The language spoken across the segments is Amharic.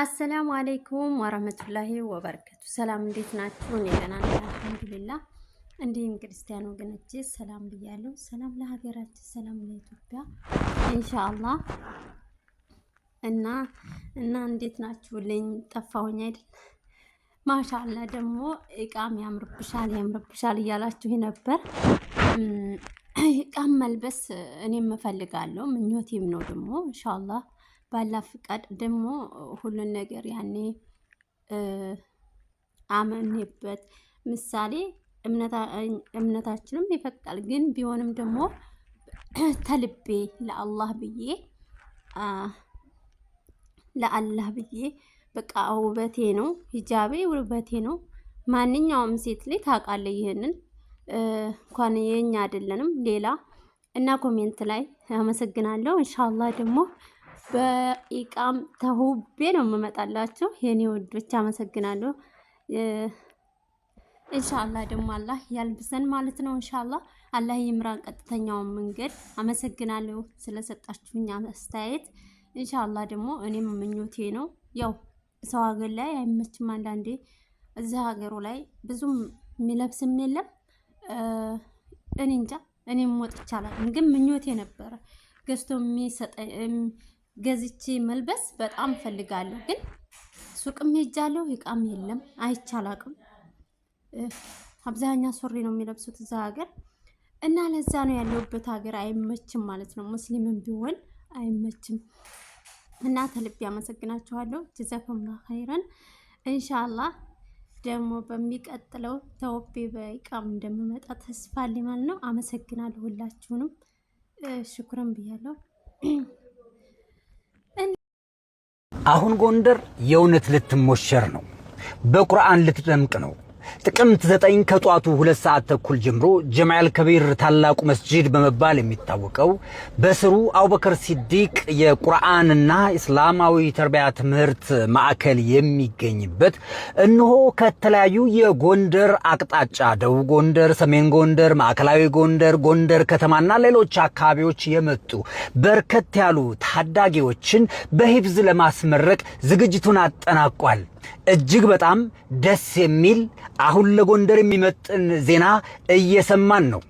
አሰላሙ አሌይኩም ወረህመቱላሂ ወበረከቱ። ሰላም እንዴት ናችሁ? እኔ ደህና ነኝ አልሐምዱሊላህ። እንዲሁም ክርስቲያን ወገኖቼ ሰላም ብያለሁ። ሰላም ለሀገራችን፣ ሰላም ለኢትዮጵያ ኢንሻአላህ። እና እና እንዴት ናችሁልኝ? ጠፋሁኝ አይደል? ማሻአላ ደግሞ እቃም ያምርብሻል ያምርብሻል እያላችሁ ነበር። እቃም መልበስ እኔም እፈልጋለሁ ምኞቴም ነው ደግሞ ኢንሻአላህ ባላ ፍቃድ ደግሞ ሁሉን ነገር ያኔ አመኔበት ምሳሌ እምነታችንም ይፈቅዳል። ግን ቢሆንም ደግሞ ተልቤ ለአላህ ብዬ ለአላህ ብዬ በቃ ውበቴ ነው፣ ሂጃቤ ውበቴ ነው። ማንኛውም ሴት ላይ ታውቃለህ ይህንን እንኳን የኛ አይደለንም ሌላ እና ኮሜንት ላይ አመሰግናለሁ። እንሻላ ደግሞ በኢቃም ተሁቤ ነው የምመጣላችሁ። የኔ ወዶች አመሰግናለሁ። እንሻላ ደግሞ አላህ ያልብሰን ማለት ነው። እንሻላ አላህ ይምራን ቀጥተኛውን መንገድ። አመሰግናለሁ ስለሰጣችሁኝ አስተያየት። እንሻላ ደግሞ እኔም ምኞቴ ነው። ያው ሰው ሀገር ላይ አይመችም አንዳንዴ። እዚህ ሀገሩ ላይ ብዙም የሚለብስም የለም። እኔ እንጃ እኔም ወጥቻለሁ፣ ግን ምኞቴ ነበረ ገዝቶ የሚሰጠ ገዝቼ መልበስ በጣም ፈልጋለሁ፣ ግን ሱቅም ሄጃለሁ፣ እቃም የለም፣ አይቻላቅም። አብዛኛው ሱሪ ነው የሚለብሱት እዛ ሀገር እና ለዛ ነው ያለሁበት ሀገር አይመችም ማለት ነው። ሙስሊምም ቢሆን አይመችም እና ተልብ ያመሰግናችኋለሁ። ጀዛኩምላ ኸይረን ኢንሻአላህ ደግሞ በሚቀጥለው ተወቤ በኢቃም እንደምመጣ ተስፋ አለኝ ማለት ነው። አመሰግናለሁ ሁላችሁንም፣ ሽኩረን ብያለሁ። አሁን ጎንደር የእውነት ልትሞሸር ነው። በቁርአን ልትደምቅ ነው። ጥቅምት 9 ከጧቱ ሁለት ሰዓት ተኩል ጀምሮ ጀማል ከቢር ታላቁ መስጂድ በመባል የሚታወቀው በስሩ አቡበከር ሲዲቅ የቁርአንና እስላማዊ ተርቢያ ትምህርት ማዕከል የሚገኝበት እነሆ ከተለያዩ የጎንደር አቅጣጫ ደቡብ ጎንደር፣ ሰሜን ጎንደር፣ ማዕከላዊ ጎንደር፣ ጎንደር ከተማና ሌሎች አካባቢዎች የመጡ በርከት ያሉ ታዳጊዎችን በሂብዝ ለማስመረቅ ዝግጅቱን አጠናቋል። እጅግ በጣም ደስ የሚል አሁን ለጎንደር የሚመጥን ዜና እየሰማን ነው።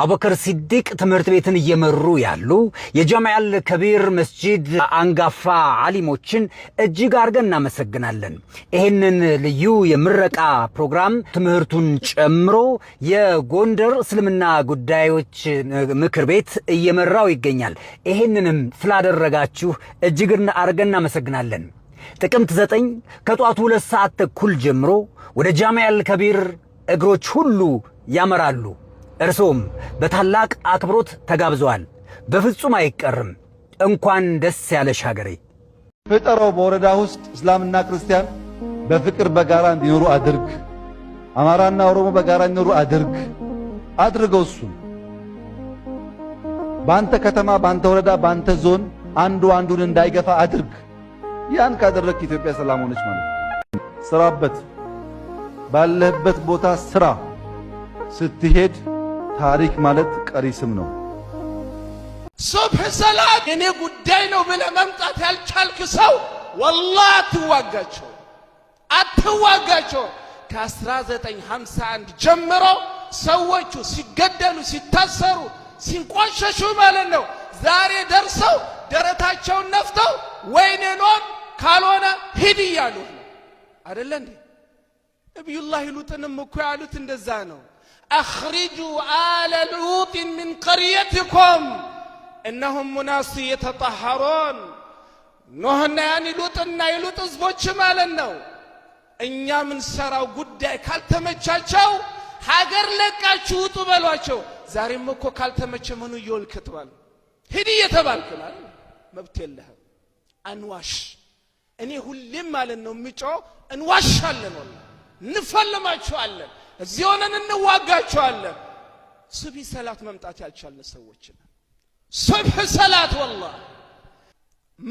አቡበከር ሲዲቅ ትምህርት ቤትን እየመሩ ያሉ የጃሚዓል ከቢር መስጂድ አንጋፋ አሊሞችን እጅግ አድርገን እናመሰግናለን። ይህንን ልዩ የምረቃ ፕሮግራም ትምህርቱን ጨምሮ የጎንደር እስልምና ጉዳዮች ምክር ቤት እየመራው ይገኛል። ይህንንም ስላደረጋችሁ እጅግ አድርገን እናመሰግናለን። ጥቅምት 9 ከጧቱ ሁለት ሰዓት ተኩል ጀምሮ ወደ ጃማያል ከቢር እግሮች ሁሉ ያመራሉ። እርሶም በታላቅ አክብሮት ተጋብዘዋል። በፍጹም አይቀርም። እንኳን ደስ ያለሽ ሀገሬ። ፍጠረው በወረዳ ውስጥ እስላምና ክርስቲያን በፍቅር በጋራ እንዲኖሩ አድርግ። አማራና ኦሮሞ በጋራ እንዲኖሩ አድርግ አድርገው እሱ በአንተ ከተማ፣ በአንተ ወረዳ፣ በአንተ ዞን አንዱ አንዱን እንዳይገፋ አድርግ። ያን ካደረክ ኢትዮጵያ ሰላም ሆነች ማለት ነው። ስራበት፣ ባለህበት ቦታ ስራ። ስትሄድ ታሪክ ማለት ቀሪ ስም ነው። ሱብህ ሰላት እኔ ጉዳይ ነው ብለህ መምጣት ያልቻልክ ሰው ወላ አትዋጋቸው፣ አትዋጋቸው። ከ1951 ጀምሮ ሰዎቹ ሲገደሉ ሲታሰሩ ሲንቆሸሹ ማለት ነው። ዛሬ ደርሰው ደረታቸውን ነፍተው ወይኔ ኖን ካልሆነ ሂድ እያሉ አደለ እንዴ? ነቢዩላህ ሉጥንም እኮ ያሉት እንደዛ ነው። አኽሪጁ አለ ሉጢን ምን ቀርየትኩም እነሁም ሙናሱ የተጠሃሮን ኖህና ያን ሉጥና የሉጥ ህዝቦች ማለት ነው። እኛ ምንሰራው ጉዳይ ካልተመቻቸው ሀገር ለቃችሁ ውጡ በሏቸው። ዛሬም እኮ ካልተመቸ ምኑ እየወልክ ትባል ሂድ እየተባልክ ማለት መብት የለህም አንዋሽ እኔ ሁሌም ማለት ነው ምጮ እንዋሻለን፣ ወላ እንፈለማቸዋለን፣ እዚህ ሆነን እንዋጋቸዋለን። ሱብሒ ሰላት መምጣት ያልቻልን ሰዎች ነን። ሰላት ወላ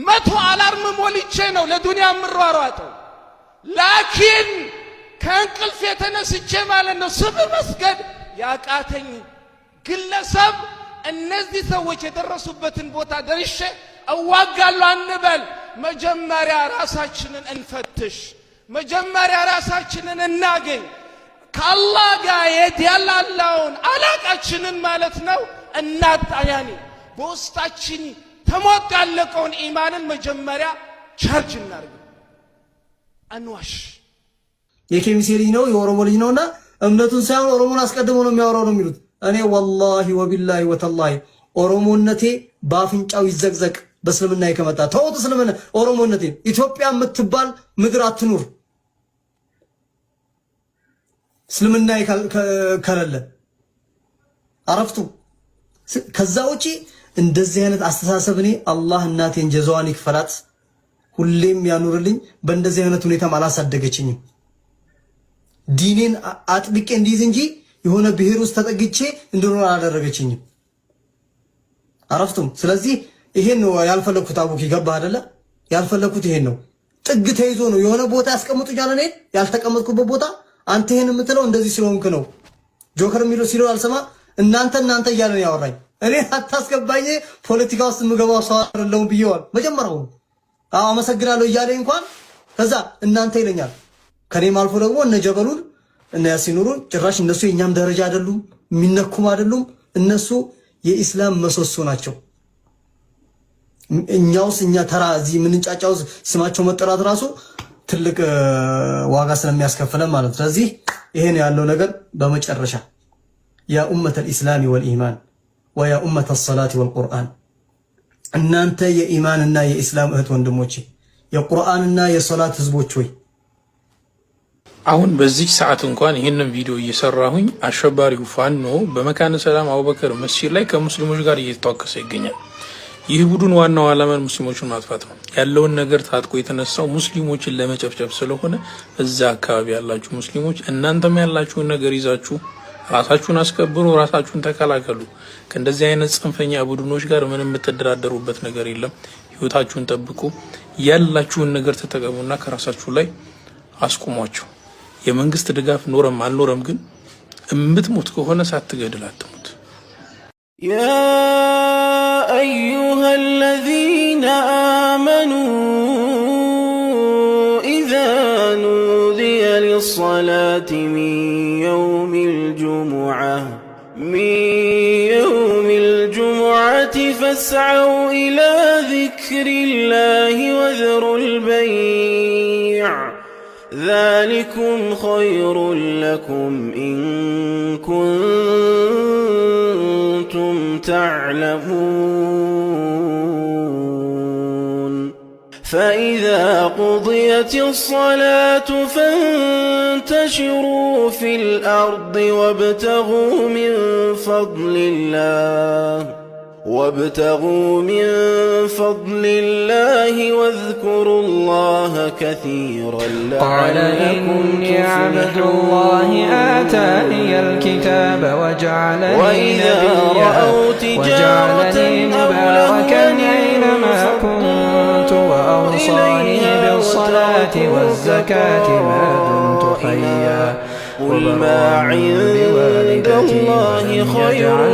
መቶ አላርም ሞልቼ ነው ለዱንያ የምሯሯጠው። ላኪን ከእንቅልፍ የተነስቼ ማለት ነው ሱብሒ መስገድ ያቃተኝ ግለሰብ እነዚህ ሰዎች የደረሱበትን ቦታ ደርሼ እዋጋለሁ አንበል። መጀመሪያ ራሳችንን እንፈትሽ። መጀመሪያ ራሳችንን እናገኝ። ከአላህ ጋር ያላላውን አላቃችንን ማለት ነው እናጣያኔ በውስጣችን ተሞቃለቀውን ያለቀውን ኢማንን መጀመሪያ ቻርጅ እናርግ። አንዋሽ የኬሚሴ ልጅ ነው የኦሮሞ ልጅ ነውና እምነቱን ሳይሆን ኦሮሞን አስቀድሞ ነው የሚያወራው ነው የሚሉት። እኔ ወላሂ ወቢላሂ ወተላሂ ኦሮሞነቴ በአፍንጫው ይዘግዘግ በእስልምና ከመጣ ተውት፣ እስልምና ኦሮሞነት ኢትዮጵያ የምትባል ምድር አትኑር። እስልምና ከሌለ አረፍቱ። ከዛ ውጪ እንደዚህ አይነት አስተሳሰብ እኔ አላህ እናቴን ጀዛዋን ይክፈላት ሁሌም ያኑርልኝ። በእንደዚህ አይነት ሁኔታም አላሳደገችኝም። ዲኔን አጥብቄ እንዲይዝ እንጂ የሆነ ብሔር ውስጥ ተጠግቼ እንድኖር አላደረገችኝም። አረፍቱም ስለዚህ ይሄን ያልፈለኩት አቡኪ ገባ አይደለ? ያልፈለኩት ይሄን ነው። ጥግ ተይዞ ነው የሆነ ቦታ ያስቀምጡ ያለ እኔ ያልተቀመጥኩበት ቦታ አንተ ይሄን የምትለው እንደዚህ ስለሆንክ ነው። ጆከር የሚለው ሲለው አልሰማ እናንተ እናንተ እያለ ነው ያወራኝ። እኔ አታስገባኝ ፖለቲካ ውስጥ የምገባው ሰው አይደለሁም ብየዋል። መጀመሪያው አዎ አመሰግናለሁ እያለኝ እንኳን ከዛ እናንተ ይለኛል። ከኔም አልፎ ደግሞ እነ ጀበሉን እነ ያሲኑሩን ጭራሽ እነሱ የኛም ደረጃ አይደሉም፣ የሚነኩም አይደሉም። እነሱ የኢስላም መሰሶ ናቸው። እኛውስ እኛ ተራ እዚህ ምንጫጫው ስማቸው መጠራት ራሱ ትልቅ ዋጋ ስለሚያስከፍለን ማለት ነው። ስለዚህ ይሄን ያለው ነገር በመጨረሻ ያ ኡመተ አልኢስላም ወልኢማን ወያ ኡመተ አልሰላት ወልቁርአን እናንተ የኢማንና የኢስላም እህት ወንድሞቼ፣ የቁርአንና የሰላት ህዝቦች ወይ አሁን በዚህ ሰዓት እንኳን ይህንን ቪዲዮ እየሰራሁኝ አሸባሪው ፋኖ በመካነ ሰላም አቡበከር መስጂድ ላይ ከሙስሊሞች ጋር እየተተዋከሰ ይገኛል። ይህ ቡድን ዋናው ዓላማ ሙስሊሞችን ማጥፋት ነው። ያለውን ነገር ታጥቆ የተነሳው ሙስሊሞችን ለመጨፍጨፍ ስለሆነ እዛ አካባቢ ያላችሁ ሙስሊሞች እናንተም ያላችሁን ነገር ይዛችሁ ራሳችሁን አስከብሩ፣ ራሳችሁን ተከላከሉ። ከእንደዚህ አይነት ጽንፈኛ ቡድኖች ጋር ምንም የምትደራደሩበት ነገር የለም። ህይወታችሁን ጠብቁ፣ ያላችሁን ነገር ተጠቀሙና ከራሳችሁ ላይ አስቁሟቸው። የመንግስት ድጋፍ ኖረም አልኖረም ግን እምትሞት ከሆነ ሳትገድል አትሙት። أيها الذين آمنوا إذا نودي للصلاة من يوم الجمعة من يوم الجمعة فاسعوا إلى ذكر الله وذروا البيت ذلكم خير لكم إن كنتم تعلمون فإذا قضيت الصلاة فانتشروا في الأرض وابتغوا من فضل الله وابتغوا من فضل الله واذكروا الله كثيرا قال لكم نعمة الله آتاني الكتاب وجعلني وإذا رأوا تجارة مباركا أينما كنت وأوصاني بالصلاة والزكاة ما دمت حيا قل ما عند الله خير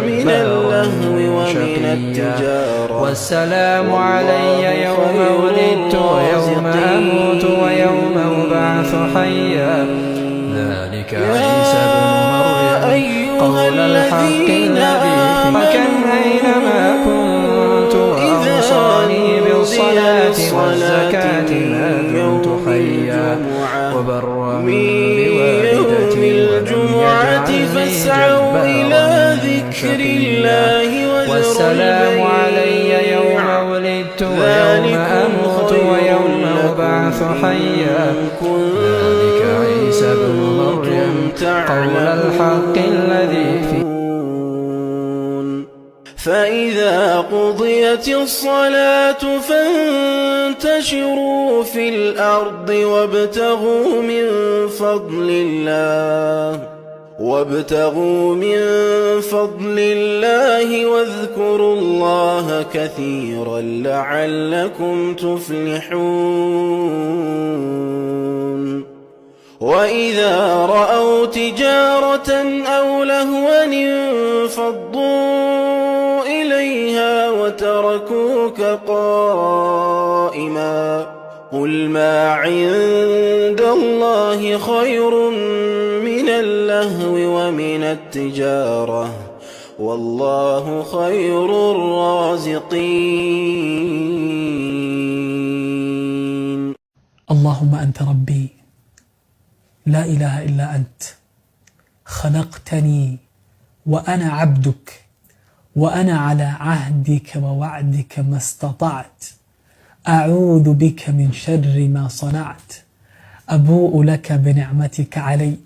من اللهو ومن التجارة والسلام علي يوم ولدت ويوم أموت ويوم أبعث حيا ذلك عيسى بن مريم قول الحق الذي مكن أينما كنت وأوصاني بالصلاة والزكاة ما دمت حيا وبرا بوالدتي ولم يجعلني جبارا ذكر الله والسلام علي يوم ولدت ويوم أموت ويوم أبعث حيا ذلك عيسى بن مريم قول الحق الذي في فإذا قضيت الصلاة فانتشروا في الأرض وابتغوا من فضل الله وابتغوا من فضل الله واذكروا الله كثيرا لعلكم تفلحون وإذا رأوا تجارة أو لهوا انفضوا إليها وتركوك قائما قل ما عند الله خير مِنَ اللَّهْوِ وَمِنَ التِّجَارَةِ ۚ وَاللَّهُ خَيْرُ الرَّازِقِينَ اللهم أنت ربي لا إله إلا أنت خلقتني وأنا عبدك وأنا على عهدك ووعدك ما استطعت أعوذ بك من شر ما صنعت أبوء لك بنعمتك علي